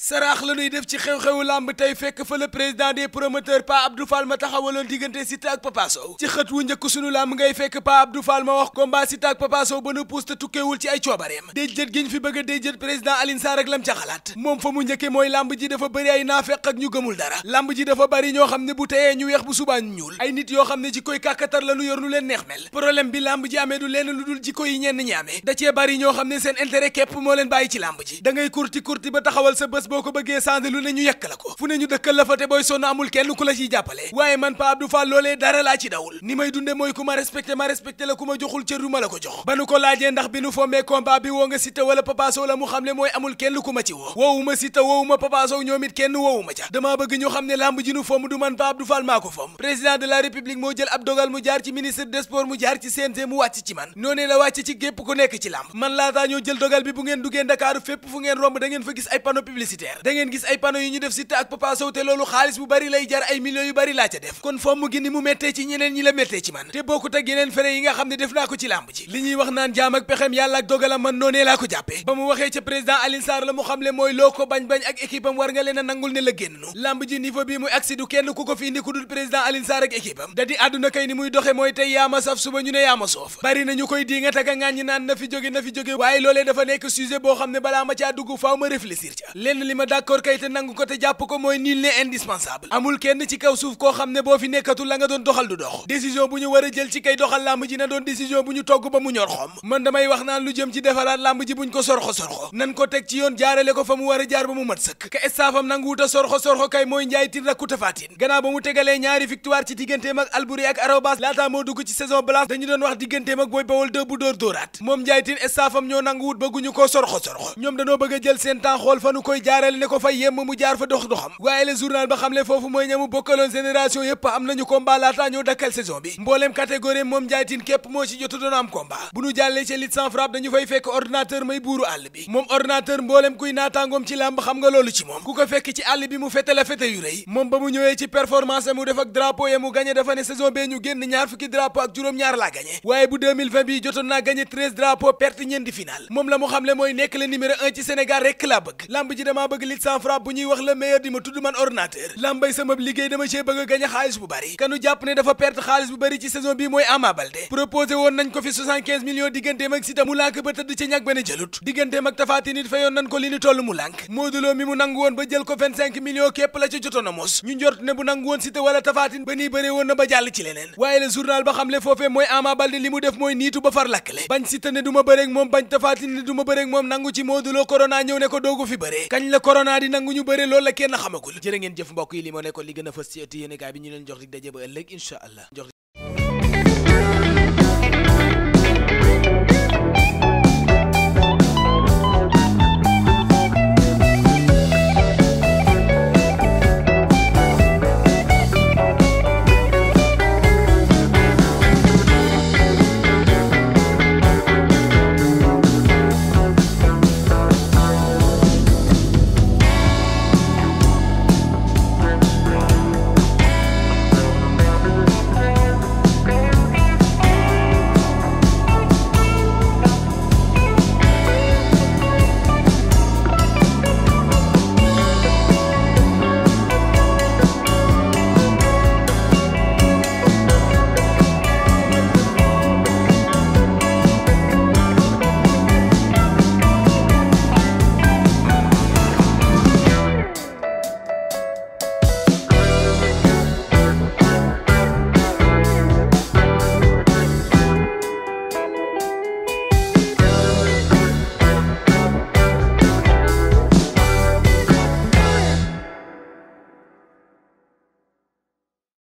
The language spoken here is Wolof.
saraax la ñuy def ci xew-xewu làmb tey fekk fa la président des promoteurs Pa Abdou Fall ma taxawaloon diggante Siteu ak Papa Sow ci xët wu njëkk sunu làmb ngay fekk Pa Abdou Fall ma wax combat Siteu ak Papa Sow ba nu puus te tukkeewul ci ay coobareem déjjët giñ fi bëgg a déjjët président Alioune Sarr ak lam ca xalaat moom fa mu njëkke mooy làmb ji dafa bëri ay naafeq ak ñu gëmul dara làmb ji dafa bëri ñoo xam ne bu teyee ñu weex bu subaa ñu ñuul ay nit yoo xam ne ji koy kàkkatar la nu yor nu leen neex mel problème bi làmb ji amee du lu dul jikko yi ñenn ñi amee da cee bëri ñoo xam ne seen intérêt képp moo ci làmb ji da ngay kurti kurti taxawal sa bës boo ko bëggee changer lu ne ñu yekk la ko fu ne ñu dëkkal la fa te booy sonn amul kenn ku la ciy jàppale waaye man Pa Abdou Fall loolee dara laa ci dawul ni may dunde mooy ku ma respecté ma respecté la ku ma joxul cër du la ko jox ba nu ko laajee ndax bi nu fommee combat bi woo nga Siteu wala Papa la mu xam ne mooy amul kenn ku ma ci wow woowuma Siteu woowuma Papa Sow ñoom it kenn woowuma ca damaa bëgg ñu xam ne làmb ji nu fomm du man Pa Abdou Fall maa ko fomm président de la république moo jël ab dogal mu ku nekk ci làmb man laataa ñoo jël dogal bi ngeen duggee Ndakaaru fépp fu ngeen romb publicitaire da ngeen gis ay panneaux yu ñu def Siteu ak Papa Sow te loolu xaalis bu bari lay jar ay millions yu bari laa ca def kon fomm gi ni mu méttee ci ñeneen ñi la méttee ci man te bokkut ak yeneen frais yi nga xam ne def naa ko ci làmb ji li ñuy wax naan jaam pexem yàlla ak dogalam man noonee laa ko jàppee ba mu waxee ca président Alioune la mu xamle mooy loo ko bañ-bañ ak équipe am war nga leen a nangul ne la génn làmb ji niveau bi muy agsi du kenn ku ko fi indi ku dul président Alioune Sarr ak équipe am da di àdduna koy di nga taka ngaañ naan na fi jóge na fi jóge waaye loolee dafa nekk sujet boo xam li ma d'accord kay te nangu ko te jàpp ko mooy nul n'est indispensable amul kenn ci kaw suuf koo xam ne boo fi nekkatul la nga doon doxal du dox décision bu ñu war a jël ci kay doxal làmb ji na doon décision bu ñu togg ba mu ñor xom man damay wax naan lu jëm ci defaraat làmb ji buñ ko sorxo sorxo nan ko teg ci yoon jaarale ko fa mu war a jaar ba mu mat sëkk ka estafam nangu wuta sorxo sorxo kay mooy njaay tin rakku tafaatin gannaaw ba mu tegalee ñaari victoire ci digganteem ak Albouri ak Arobas laataa moo dugg ci saison blanche dañu wax digganteem ak Boy Bawol 2 bu dóor dóoraat moom njaay tin estafam ñoo ñoom dañoo bëgg a seen temps xool fa nu koy jaaral ne ko fa yemm mu jaar fa dox doxam waaye le journal ba xam le foofu mooy ñamu bokkaloon génération yépp am nañu combat laataa ñoo dakkal saison bi mbooleem catégorie moom may buuru àll bi moom ordinateur mbooleem kuy naataangoom ci làmb xam nga loolu ci moom ku ko fekk ci àll bi mu fete la fete yu rëy moom ba mu ñëwee ci performance mu def ak drapeau ya mu gagné dafa ne saison bee ñu génn ñaar fukki drapeau ak juróom-ñaar laa gagné waaye bu 2020 bi naa damaa bëgg lit sans frappe bu ñuy wax le meilleur di ma tudd man ordinateur lambay sama liggéey dama cee bëgg a xaalis bu bari kanu jàpp ne dafa perte xaalis bu bari ci saison bi mooy Ama Baldé proposé woon nañ ko fi 75 millions digganteem ak Siteu mu lànk ba tëdd ci ñàkk ba jëlut digganteem ak Tapha Tine nañ ko li ni toll mu lànk Modou mi mu nangu woon ba jël ko 25 millions képp la ci jotoon a mos ñu njort ne bu nangu ne di nangu ñu bëre loolu la kenn xamagul jërë ngeen jëf mbokk yi li moo nekkoon li gën a fës ci ëtt ñu leen jox di daje ba ëllëg incha allah